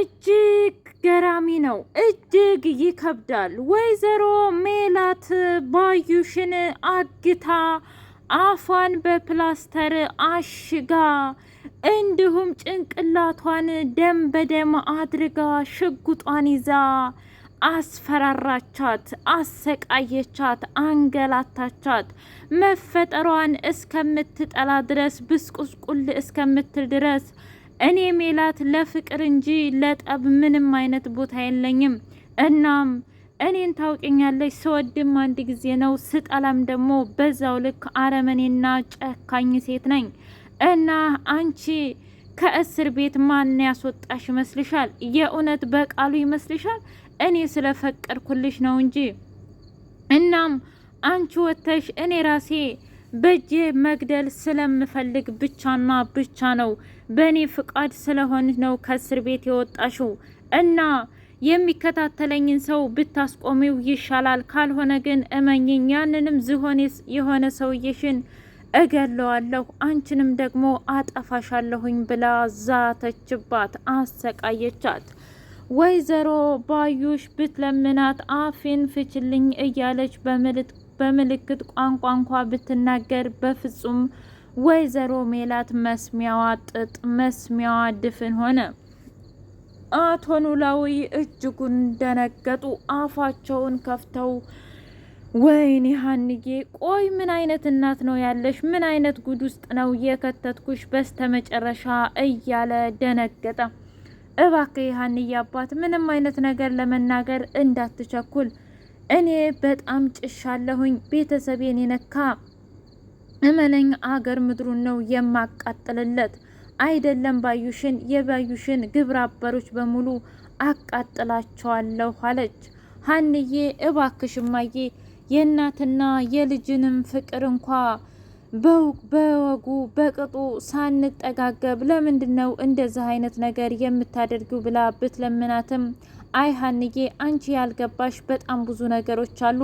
እጅግ ገራሚ ነው፣ እጅግ ይከብዳል። ወይዘሮ ሜላት ባዩሽን አግታ አፏን በፕላስተር አሽጋ እንዲሁም ጭንቅላቷን ደም በደም አድርጋ ሽጉጧን ይዛ አስፈራራቻት፣ አሰቃየቻት፣ አንገላታቻት። መፈጠሯን እስከምትጠላ ድረስ ብስቁስቁል እስከምትል ድረስ እኔ ሜላት ለፍቅር እንጂ ለጠብ ምንም አይነት ቦታ የለኝም። እናም እኔን ታውቂኛለሽ፣ ስወድም አንድ ጊዜ ነው፣ ስጠላም ደግሞ በዛው ልክ አረመኔና ጨካኝ ሴት ነኝ እና አንቺ ከእስር ቤት ማን ያስወጣሽ ይመስልሻል? የእውነት በቃሉ ይመስልሻል? እኔ ስለፈቀድኩልሽ ነው እንጂ እናም አንቺ ወጥተሽ እኔ ራሴ በእጄ መግደል ስለምፈልግ ብቻና ብቻ ነው። በእኔ ፍቃድ ስለሆን ነው ከእስር ቤት የወጣሽው እና የሚከታተለኝን ሰው ብታስቆሚው ይሻላል። ካልሆነ ግን እመኝኝ፣ ያንንም ዝሆን የሆነ ሰውዬሽን እገለዋለሁ፣ አንቺንም ደግሞ አጠፋሻለሁኝ ብላ ዛተችባት፣ አሰቃየቻት። ወይዘሮ ባዩሽ ብትለምናት አፌን ፍችልኝ እያለች በምልት በምልክት ቋንቋ እንኳ ብትናገር በፍጹም ወይዘሮ ሜላት መስሚያዋ ጥጥ መስሚያዋ ድፍን ሆነ። አቶ ኖላዊ እጅጉን ደነገጡ። አፋቸውን ከፍተው ወይኔ ሀንዬ፣ ቆይ ምን አይነት እናት ነው ያለሽ? ምን አይነት ጉድ ውስጥ ነው የከተትኩሽ? በስተመጨረሻ እያለ ደነገጠ። እባክህ ሀንዬ አባት ምንም አይነት ነገር ለመናገር እንዳትቸኩል እኔ በጣም ጭሻለሁኝ። ቤተሰቤን የነካ እመነኝ፣ አገር ምድሩን ነው የማቃጥልለት። አይደለም ባዩሽን፣ የባዩሽን ግብረ አበሮች በሙሉ አቃጥላቸዋለሁ አለች ሀንዬ። እባክሽ እማዬ የእናትና የልጅንም ፍቅር እንኳ በወጉ በቅጡ ሳንጠጋገብ ለምንድን ነው እንደዚህ አይነት ነገር የምታደርጊው ብላ ብትለምናትም አይ ሀንዬ አንቺ ያልገባሽ በጣም ብዙ ነገሮች አሉ።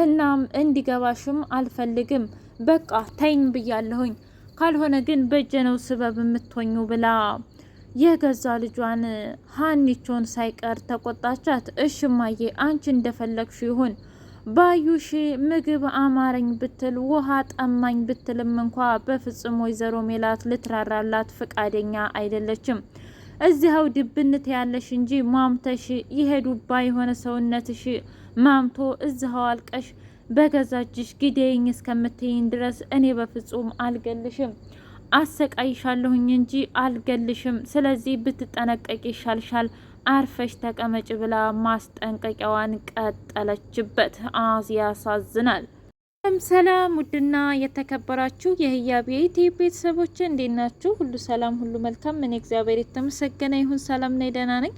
እናም እንዲገባሽም አልፈልግም። በቃ ተይኝ ብያለሁኝ። ካልሆነ ግን በጀነው ስበብ የምትሆኙ ብላ የገዛ ልጇን ሀኒቾን ሳይቀር ተቆጣቻት። እሽማዬ አንቺ እንደፈለግሽ ይሁን ባዩሽ ምግብ አማረኝ ብትል ውሃ ጠማኝ ብትልም እንኳ በፍጹም ወይዘሮ ሜላት ልትራራላት ፈቃደኛ አይደለችም። እዚያው ድብነት ያለሽ እንጂ ማምተሽ ይሄ ዱባ የሆነ ሰውነትሽ ማምቶ እዚያው አልቀሽ በገዛጅሽ ግዴኝ እስከምትይኝ ድረስ እኔ በፍጹም አልገልሽም። አሰቃይሻለሁኝ እንጂ አልገልሽም። ስለዚህ ብትጠነቀቂ ይሻልሻል፣ አርፈሽ ተቀመጭ ብላ ማስጠንቀቂያዋን ቀጠለችበት። አዝ ያሳዝናል። ሰላም ሰላም ውድና የተከበራችሁ የህያብ የኢትዮ ቤተሰቦች እንዴት ናችሁ? ሁሉ ሰላም፣ ሁሉ መልካም። እኔ እግዚአብሔር የተመሰገነ ይሁን ሰላም ነኝ፣ ደህና ነኝ።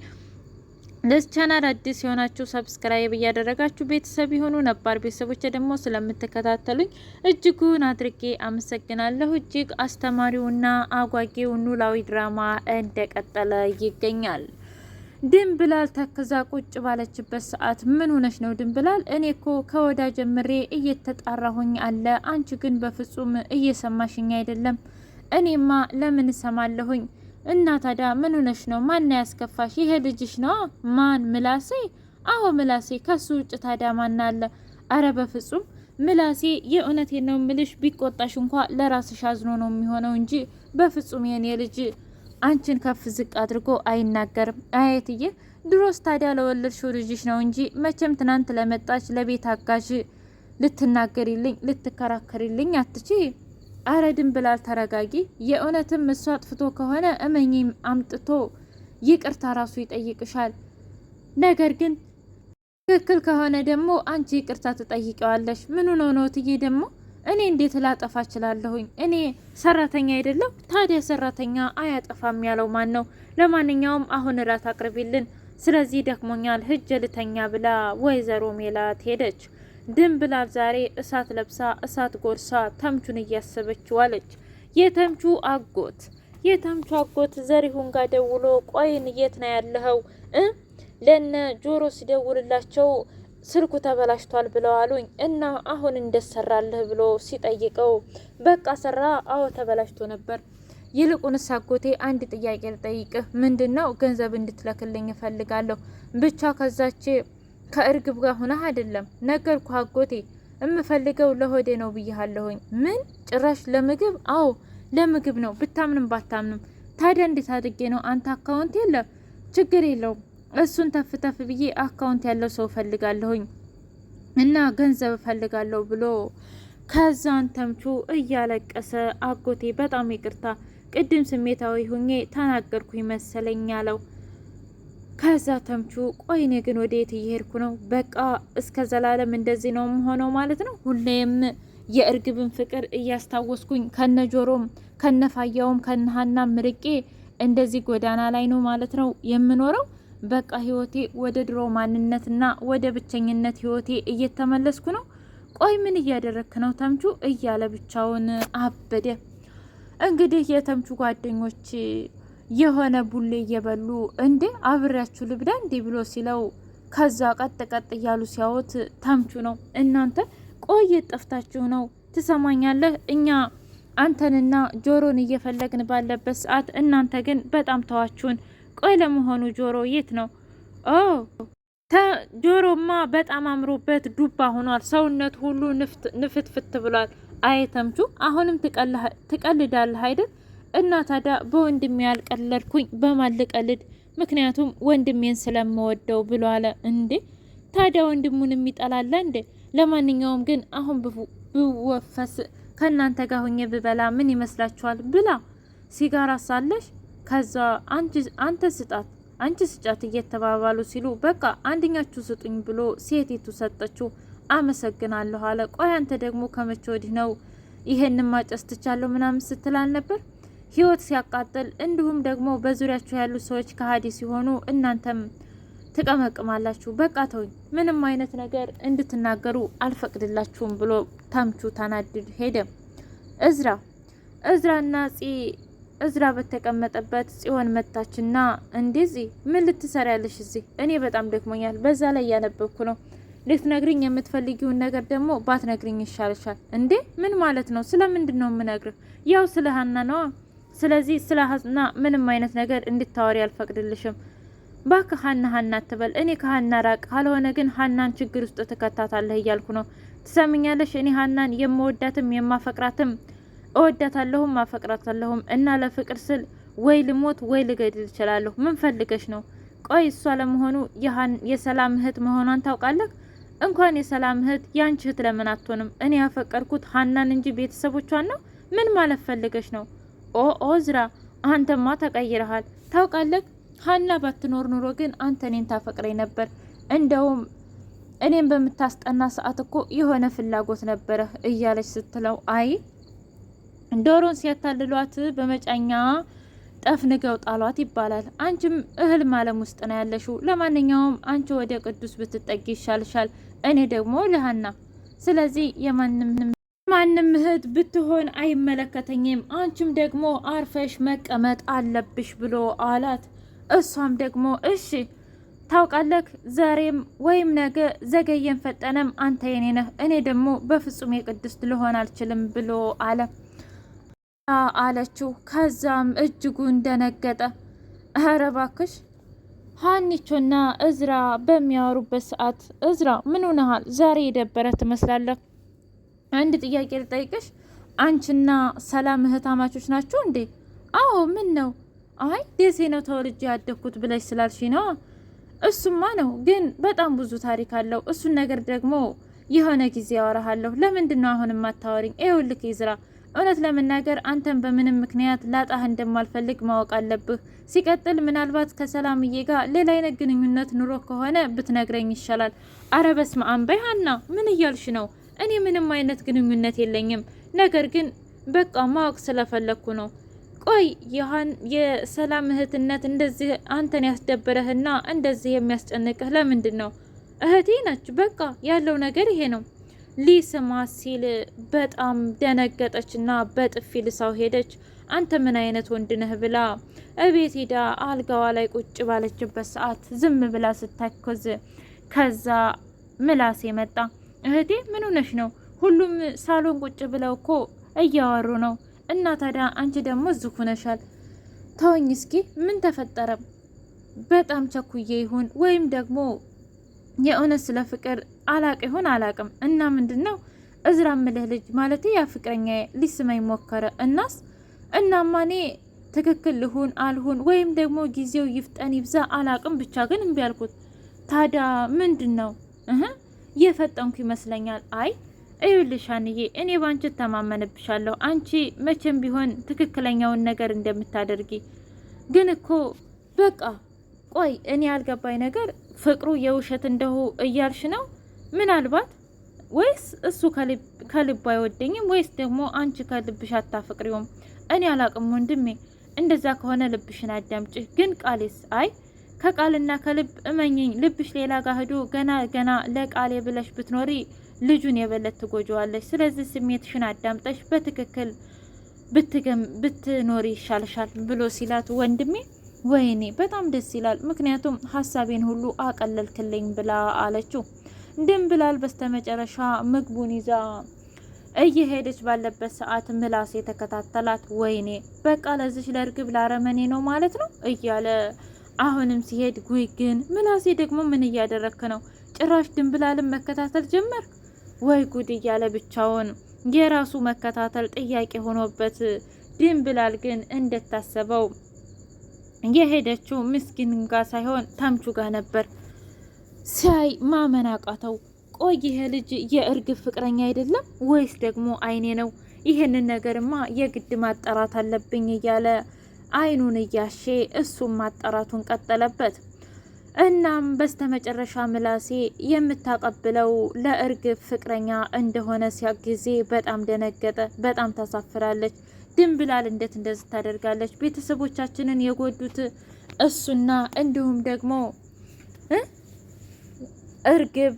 ለዚህ ቻናል አዲስ የሆናችሁ ሰብስክራይብ እያደረጋችሁ ቤተሰብ የሆኑ ነባር ቤተሰቦች ደግሞ ስለምትከታተሉኝ እጅጉን አድርጌ አመሰግናለሁ። እጅግ አስተማሪውና አጓጌው ኖላዊ ድራማ እንደቀጠለ ይገኛል። ድንብላል ተክዛ ቁጭ ባለችበት ሰዓት ምን ሆነሽ ነው ድንብላል? እኔ እኮ ከወዳ ጀምሬ እየተጣራሁኝ አለ። አንቺ ግን በፍጹም እየሰማሽኝ አይደለም። እኔማ ለምን እሰማለሁኝ? እና ታዲያ ምን ሆነሽ ነው? ማን ያስከፋሽ? ይሄ ልጅሽ ነው። ማን? ምላሴ? አዎ ምላሴ። ከሱ ውጭ ታዲያ ማን አለ? አረ በፍጹም ምላሴ፣ የእውነቴ ነው ምልሽ። ቢቆጣሽ እንኳ ለራስሽ አዝኖ ነው የሚሆነው እንጂ በፍጹም የኔ ልጅ አንቺን ከፍ ዝቅ አድርጎ አይናገርም። አየትዬ ድሮስ ታዲያ ለወለድሽው ልጅሽ ነው እንጂ መቼም ትናንት ለመጣች ለቤት አጋዥ ልትናገሪልኝ ልትከራከሪልኝ አትች። አረ ድን ብላል ተረጋጊ። የእውነትም እሱ አጥፍቶ ከሆነ እመኝም አምጥቶ ይቅርታ ራሱ ይጠይቅሻል። ነገር ግን ትክክል ከሆነ ደግሞ አንቺ ይቅርታ ትጠይቀዋለሽ። ምኑ ነው ነው ትዬ ደግሞ እኔ እንዴት ላጠፋ እችላለሁኝ? እኔ ሰራተኛ አይደለም? ታዲያ ሰራተኛ አያጠፋም ያለው ማን ነው? ለማንኛውም አሁን እራት አቅርቢልን፣ ስለዚህ ደክሞኛል፣ ህጅ ልተኛ ብላ ወይዘሮ ሜላት ሄደች። ድንብላል ዛሬ እሳት ለብሳ እሳት ጎርሳ ተምቹን እያሰበች ዋለች። የተምቹ አጎት የተምቹ አጎት ዘሪሁን ጋር ደውሎ ቆይን፣ የት ነው ያለኸው? ለነ ጆሮ ሲደውልላቸው ስልኩ ተበላሽቷል ብለው አሉኝ እና አሁን እንደሰራልህ ብሎ ሲጠይቀው በቃ ሰራ፣ አዎ ተበላሽቶ ነበር። ይልቁንስ አጎቴ አንድ ጥያቄ ልጠይቅህ። ምንድን ነው? ገንዘብ እንድትለክልኝ እፈልጋለሁ። ብቻ ከዛች ከእርግብ ጋር ሁነህ አይደለም። ነገርኩህ አጎቴ፣ እምፈልገው ለሆዴ ነው ብያለሁኝ። ምን ጭራሽ ለምግብ? አዎ ለምግብ ነው፣ ብታምንም ባታምንም። ታዲያ እንዴት አድርጌ ነው? አንተ አካውንት የለም። ችግር የለውም እሱን ተፍ ተፍ ብዬ አካውንት ያለው ሰው ፈልጋለሁኝ እና ገንዘብ እፈልጋለሁ ብሎ ከዛን ተምቹ እያለቀሰ አጎቴ በጣም ይቅርታ ቅድም ስሜታዊ ሁኜ ተናገርኩኝ መሰለኝ አለው። ከዛ ተምቹ ቆይ እኔ ግን ወደ የት እየሄድኩ ነው? በቃ እስከ ዘላለም እንደዚህ ነው የምሆነው ማለት ነው። ሁሌም የእርግብን ፍቅር እያስታወስኩኝ ከነ ጆሮም ከነ ፋያውም ከነ ሀናም ርቄ እንደዚህ ጎዳና ላይ ነው ማለት ነው የምኖረው በቃ ህይወቴ ወደ ድሮ ማንነትና ወደ ብቸኝነት ህይወቴ እየተመለስኩ ነው። ቆይ ምን እያደረክ ነው ተምቹ? እያለ ብቻውን አበደ። እንግዲህ የተምቹ ጓደኞች የሆነ ቡሌ እየበሉ እንዴ አብሬያችሁ ልብዳ እንዴ ብሎ ሲለው ከዛ ቀጥ ቀጥ እያሉ ሲያወት ተምቹ ነው። እናንተ ቆይ ጠፍታችሁ ነው ትሰማኛለህ? እኛ አንተንና ጆሮን እየፈለግን ባለበት ሰዓት እናንተ ግን በጣም ተዋችሁን። ቆይ ለመሆኑ ጆሮ የት ነው? ኦ ጆሮማ በጣም አምሮበት ዱባ ሆኗል። ሰውነት ሁሉ ንፍትፍት ብሏል። አየተምቹ አሁንም ትቀልዳለህ አይደል? እና ታዲያ በወንድሜ ያልቀለድኩኝ በማን ምክንያቱም ወንድሜን ስለምወደው ብሎ አለ። እንዴ ታዲያ ወንድሙን የሚጠላለ እንዴ? ለማንኛውም ግን አሁን ብወፈስ ከእናንተ ጋር ሁኜ ብበላ ምን ይመስላችኋል? ብላ ሲጋራ ሳለሽ ከዛ አንተ ስጣት አንቺ ስጫት እየተባባሉ ሲሉ በቃ አንደኛችሁ ስጡኝ ብሎ ሴቲቱ ሰጠችው። አመሰግናለሁ አለ። ቆይ አንተ ደግሞ ከመቼ ወዲህ ነው ይሄን ማጨስ ትቻለሁ ምናምን ስትላል ነበር ህይወት ሲያቃጥል እንዲሁም ደግሞ በዙሪያችሁ ያሉ ሰዎች ከሀዲ ሲሆኑ እናንተም ትቀመቅማላችሁ። በቃ ተውኝ፣ ምንም አይነት ነገር እንድትናገሩ አልፈቅድላችሁም ብሎ ታምቹ ተናድዶ ሄደ። እዝራ እዝራና ፂ እዝራ በተቀመጠበት ጽዮን መታችና እንደዚህ ምን ልትሰራ ያለሽ እዚህ? እኔ በጣም ደክሞኛል፣ በዛ ላይ እያነበብኩ ነው። ልትነግርኝ የምትፈልጊውን ነገር ደግሞ ባትነግርኝ ይሻልሻል። እንዴ ምን ማለት ነው? ስለምንድን ነው የምነግርህ? ያው ስለ ሀና ነዋ። ስለዚህ ስለ ሀና ምንም አይነት ነገር እንድታወሪ አልፈቅድልሽም። እባክህ ሀና ሀና አትበል። እኔ ከሀና ራቅ፣ ካልሆነ ግን ሀናን ችግር ውስጥ ትከታታለህ እያልኩ ነው። ትሰምኛለሽ? እኔ ሀናን የምወዳትም የማፈቅራትም እወዳታለሁም አፈቅራታለሁም እና ለፍቅር ስል ወይ ልሞት ወይ ልገድል እችላለሁ። ምን ፈልገሽ ነው? ቆይ እሷ ለመሆኑ የሰላም እህት መሆኗን ታውቃለህ? እንኳን የሰላም እህት ያንቺ እህት ለምን አትሆንም? እኔ ያፈቀርኩት ሀናን እንጂ ቤተሰቦቿን ነው። ምን ማለት ፈልገሽ ነው? ኦ ኦዝራ፣ አንተማ ተቀይረሃል። ታውቃለህ፣ ሀና ባትኖር ኑሮ ግን አንተ እኔን ታፈቅረኝ ነበር። እንደውም እኔም በምታስጠና ሰዓት እኮ የሆነ ፍላጎት ነበረ እያለች ስትለው አይ ዶሮን ሲያታልሏት በመጫኛ ጠፍንገው ጣሏት ይባላል። አንቺም እህል ማለም ውስጥ ነው ያለሽው። ለማንኛውም አንቺ ወደ ቅዱስ ብትጠጊ ይሻልሻል፣ እኔ ደግሞ ልሃና። ስለዚህ የማንም ማንም እህት ብትሆን አይመለከተኝም፣ አንቺም ደግሞ አርፈሽ መቀመጥ አለብሽ ብሎ አላት። እሷም ደግሞ እሺ ታውቃለህ፣ ዛሬም ወይም ነገ ዘገየን ፈጠነም አንተ የኔ ነህ፣ እኔ ደግሞ በፍጹም የቅድስት ልሆን አልችልም ብሎ አለ። አለችው። ከዛም እጅጉን ደነገጠ። እረ እባክሽ ሀኒቾና እዝራ በሚያወሩበት ሰዓት እዝራ ምን ሆነሃል? ዛሬ የደበረ ትመስላለህ። አንድ ጥያቄ ልጠይቅሽ፣ አንቺና ሰላም እህታማቾች ናችሁ እንዴ? አዎ። ምን ነው? አይ ደሴ ነው ተወልጄ ያደግኩት ብለሽ ስላልሽ ነው። እሱማ ነው፣ ግን በጣም ብዙ ታሪክ አለው። እሱን ነገር ደግሞ የሆነ ጊዜ ያወራሃለሁ። ለምንድን ነው አሁን የማታወሪኝ? ይኸውልህ ይዝራ እውነት ለመናገር አንተን በምንም ምክንያት ላጣህ እንደማልፈልግ ማወቅ አለብህ። ሲቀጥል ምናልባት ከሰላምዬ ጋር ሌላ አይነት ግንኙነት ኑሮ ከሆነ ብትነግረኝ ይሻላል። አረ በስመ አብ! ሀና፣ ምን እያልሽ ነው? እኔ ምንም አይነት ግንኙነት የለኝም። ነገር ግን በቃ ማወቅ ስለፈለግኩ ነው። ቆይ ይህን የሰላም እህትነት እንደዚህ አንተን ያስደበረህና እንደዚህ የሚያስጨንቅህ ለምንድን ነው? እህቴ ነች። በቃ ያለው ነገር ይሄ ነው። ሊስማት ሲል በጣም ደነገጠች እና በጥፊ ልሳው ሄደች። አንተ ምን አይነት ወንድ ነህ ብላ እቤት ሂዳ አልጋዋ ላይ ቁጭ ባለችበት ሰዓት ዝም ብላ ስታኮዝ፣ ከዛ ምላሴ መጣ። እህቴ ምን ሆነሽ ነው? ሁሉም ሳሎን ቁጭ ብለው እኮ እያወሩ ነው። እና ታዲያ አንቺ ደግሞ እዚህ ሆነሻል። ተወኝ እስኪ ምን ተፈጠረም? በጣም ቸኩዬ ይሁን ወይም ደግሞ የእውነት ስለ ፍቅር አላቅ ይሆን አላቅም። እና ምንድን ነው እዝራ ምልህ ልጅ ማለት ያ ፍቅረኛ ሊስመኝ ሞከረ። እናስ እናማ እኔ ትክክል ልሁን አልሁን ወይም ደግሞ ጊዜው ይፍጠን ይብዛ አላቅም፣ ብቻ ግን እምቢ አልኩት። ታዲያ ምንድን ነው የፈጠንኩ ይመስለኛል። አይ እዩልሻንዬ እኔ ባንቺ ተማመንብሻለሁ። አንቺ መቼም ቢሆን ትክክለኛውን ነገር እንደምታደርጊ ግን እኮ በቃ ቆይ እኔ ያልገባኝ ነገር ፍቅሩ የውሸት እንደሁ እያልሽ ነው ምናልባት ወይስ እሱ ከልብ አይወደኝም ወይስ ደግሞ አንቺ ከልብሽ አታፈቅሪውም? እኔ አላቅም ወንድሜ። እንደዛ ከሆነ ልብሽን አዳምጪ። ግን ቃሌስ? አይ ከቃልና ከልብ እመኝኝ፣ ልብሽ ሌላ ጋር ሂዶ ገና ገና ለቃሌ ብለሽ ብትኖሪ ልጁን የበለት ትጎጂዋለሽ። ስለዚህ ስሜትሽን አዳምጠሽ በትክክል ብትኖሪ ይሻልሻል ብሎ ሲላት ወንድሜ ወይኔ በጣም ደስ ይላል፣ ምክንያቱም ሀሳቤን ሁሉ አቀለልክልኝ ብላ አለችው። ብላል በስተመጨረሻ ምግቡን ይዛ እየሄደች ባለበት ሰዓት ምላሴ የተከታተላት። ወይኔ በቃ ለዚች ለእርግብ ላረመኔ ነው ማለት ነው እያለ አሁንም ሲሄድ፣ ጉይ ግን ምላሴ ደግሞ ምን እያደረክ ነው? ጭራሽ ብላልም መከታተል ጀመር። ወይ ጉድ እያለ ብቻውን የራሱ መከታተል ጥያቄ ሆኖበት ብላል ግን እንደታሰበው የሄደችው ምስኪን ጋ ሳይሆን ተምቹ ጋር ነበር። ሲያይ ማመን አቃተው። ቆይ ይሄ ልጅ የእርግብ ፍቅረኛ አይደለም ወይስ ደግሞ አይኔ ነው? ይህንን ነገርማ የግድ ማጣራት አለብኝ እያለ አይኑን እያሼ እሱም ማጣራቱን ቀጠለበት። እናም በስተመጨረሻ ምላሴ የምታቀብለው ለእርግብ ፍቅረኛ እንደሆነ ሲያ ጊዜ በጣም ደነገጠ። በጣም ታሳፍራለች። ድንብላል እንዴት እንደዚህ ታደርጋለች? ቤተሰቦቻችንን የጎዱት እሱና እንዲሁም ደግሞ እርግብ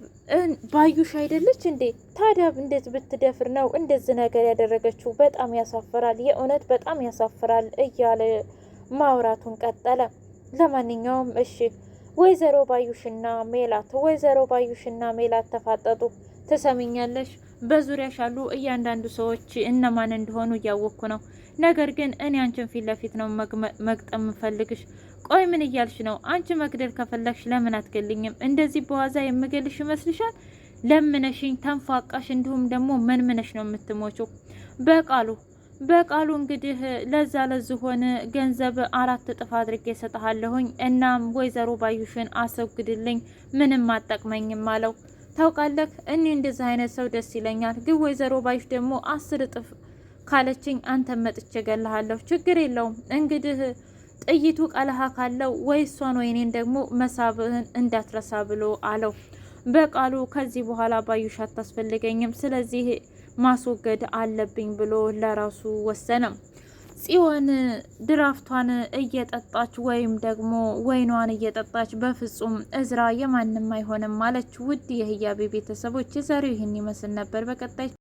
ባዩሽ አይደለች እንዴ? ታዲያ እንዴት ብትደፍር ነው እንደዚህ ነገር ያደረገችው? በጣም ያሳፍራል፣ የእውነት በጣም ያሳፍራል እያለ ማውራቱን ቀጠለ። ለማንኛውም እሺ ወይዘሮ ባዩሽና ሜላት ወይዘሮ ባዩሽና ሜላት ተፋጠጡ። ትሰሚኛለሽ በዙሪያሽ ያሉ እያንዳንዱ ሰዎች እነማን እንደሆኑ እያወቅኩ ነው። ነገር ግን እኔ አንቺን ፊት ለፊት ነው መግጠም ምፈልግሽ። ቆይ ምን እያልሽ ነው? አንቺ መግደል ከፈለግሽ ለምን አትገልኝም? እንደዚህ በዋዛ የምገልሽ ይመስልሻል? ለምነሽኝ፣ ተንፏቃሽ እንዲሁም ደግሞ መንምነሽ ነው የምትሞችው። በቃሉ በቃሉ እንግዲህ ለዛ ለዝሆን ገንዘብ አራት እጥፍ አድርጌ እሰጥሃለሁኝ። እናም ወይዘሮ ባዩሽን አስወግድልኝ፣ ምንም አጠቅመኝም አለው። ታውቃለህ እኔ እንደዚህ አይነት ሰው ደስ ይለኛል፣ ግን ወይዘሮ ባዩሽ ደግሞ አስር እጥፍ ካለችኝ አንተ መጥቼ እገልሃለሁ። ችግር የለውም እንግዲህ ጥይቱ ቀለሃ ካለው ወይ እሷን ወይኔን ደግሞ መሳብህን እንዳትረሳ ብሎ አለው። በቃሉ ከዚህ በኋላ ባዩሽ አታስፈልገኝም፣ ስለዚህ ማስወገድ አለብኝ ብሎ ለራሱ ወሰነም። ጽዮን ድራፍቷን እየጠጣች ወይም ደግሞ ወይኗን እየጠጣች በፍጹም እዝራ የማንም አይሆንም ማለች ውድ የህያቤ ቤተሰቦች የዛሬው ይህን ይመስል ነበር። በቀጣይ